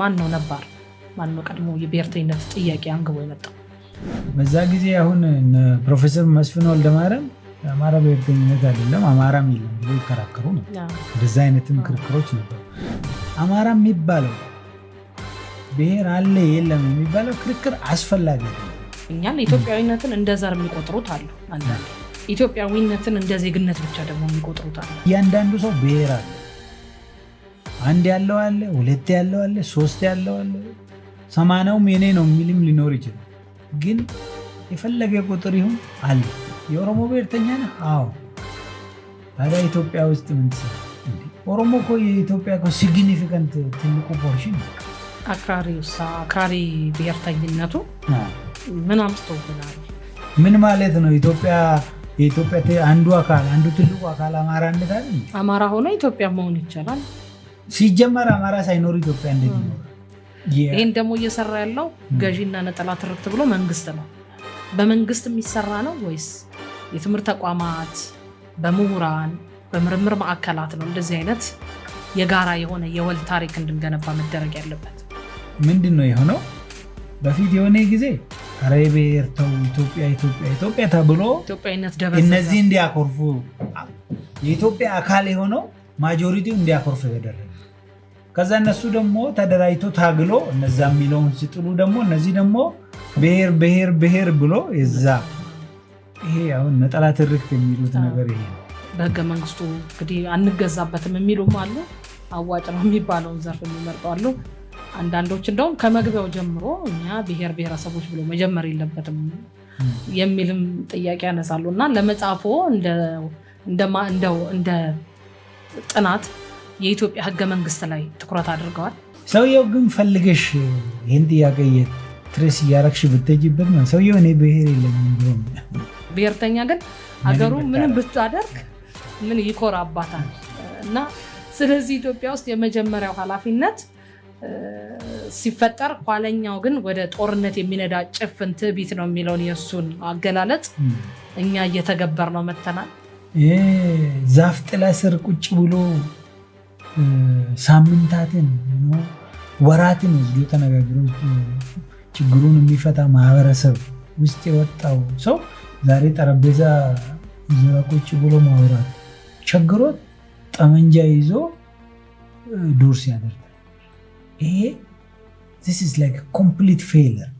ማን ነው ነባር ማን ነው ቀድሞ የብሔርተኝነት ጥያቄ አንግቦ የመጣው? በዛ ጊዜ አሁን ፕሮፌሰር መስፍን ወልደማርያም የአማራ ብሔርተኝነት አይደለም አማራም የለም ብሎ ይከራከሩ ነው። እንደዛ አይነትም ክርክሮች ነበሩ። አማራ የሚባለው ብሔር አለ የለም የሚባለው ክርክር አስፈላጊ እኛን ኢትዮጵያዊነትን እንደ ዘር የሚቆጥሩት አሉ። ኢትዮጵያዊነትን እንደ ዜግነት ብቻ ደግሞ የሚቆጥሩት አሉ። እያንዳንዱ ሰው ብሔር አለ አንድ ያለው አለ፣ ሁለት ያለው አለ፣ ሶስት ያለው አለ። ሰማንያውም የኔ ነው የሚልም ሊኖር ይችላል። ግን የፈለገ ቁጥር ይሁን አለ። የኦሮሞ ብሔርተኛ ነህ? አዎ። ታዲያ ኢትዮጵያ ውስጥ ምን ኦሮሞ እኮ የኢትዮጵያ ሲግኒፊካንት ትልቁ ፖርሽን አክራሪ አክራሪ ብሔርተኝነቱ ምን አምስቶብናል? ምን ማለት ነው? ኢትዮጵያ የኢትዮጵያ አንዱ አካል አንዱ ትልቁ አካል አማራ እንታል አማራ ሆኖ ኢትዮጵያ መሆን ይቻላል። ሲጀመር አማራ ሳይኖር ኢትዮጵያ እንዴት ይኖራል? ይህን ደግሞ እየሰራ ያለው ገዢና ነጠላ ትርክት ብሎ መንግስት ነው። በመንግስት የሚሰራ ነው ወይስ የትምህርት ተቋማት በምሁራን በምርምር ማዕከላት ነው እንደዚህ አይነት የጋራ የሆነ የወል ታሪክ እንድንገነባ መደረግ ያለበት? ምንድን ነው የሆነው? በፊት የሆነ ጊዜ ረቤር ተው ኢትዮጵያ ኢትዮጵያ ኢትዮጵያ ተብሎ እነዚህ እንዲያኮርፉ የኢትዮጵያ አካል የሆነው ማጆሪቲው እንዲያኮርፍ ተደረገ። ከዛ እነሱ ደግሞ ተደራጅቶ ታግሎ እነዛ የሚለውን ሲጥሉ ደግሞ እነዚህ ደግሞ ብሄር ብሄር ብሄር ብሎ የዛ ይሄ አሁን ነጠላ ትርክት የሚሉት ነገር ይሄ ነው። በህገ መንግስቱ እንግዲህ አንገዛበትም የሚሉም አሉ። አዋጭ ነው የሚባለውን ዘርፍ የሚመርጡ አሉ። አንዳንዶች እንደውም ከመግቢያው ጀምሮ እኛ ብሄር ብሄረሰቦች ብሎ መጀመር የለበትም የሚልም ጥያቄ ያነሳሉ እና ለመጽሐፎ እንደ ጥናት የኢትዮጵያ ህገ መንግስት ላይ ትኩረት አድርገዋል። ሰውየው ግን ፈልገሽ ይህን ጥያቄ ትሬስ እያረግሽ ብትጅበት ነው ሰውየው እኔ ብሄር የለም ብሄርተኛ ግን አገሩ ምንም ብታደርግ ምን ይኮራባታል እና ስለዚህ ኢትዮጵያ ውስጥ የመጀመሪያው ኃላፊነት ሲፈጠር ኋለኛው ግን ወደ ጦርነት የሚነዳ ጭፍን ትዕቢት ነው የሚለውን የእሱን አገላለጽ እኛ እየተገበር ነው መተናል። ዛፍ ጥላ ስር ቁጭ ብሎ ሳምንታትን ወራትን ይዞ ተነጋግሮ ችግሩን የሚፈታ ማህበረሰብ ውስጥ የወጣው ሰው ዛሬ ጠረጴዛ ዙሪያ ቁጭ ብሎ ማውራት ቸግሮት ጠመንጃ ይዞ ዶርስ ያደርጋል። ይሄ ኮምፕሊት ፌለር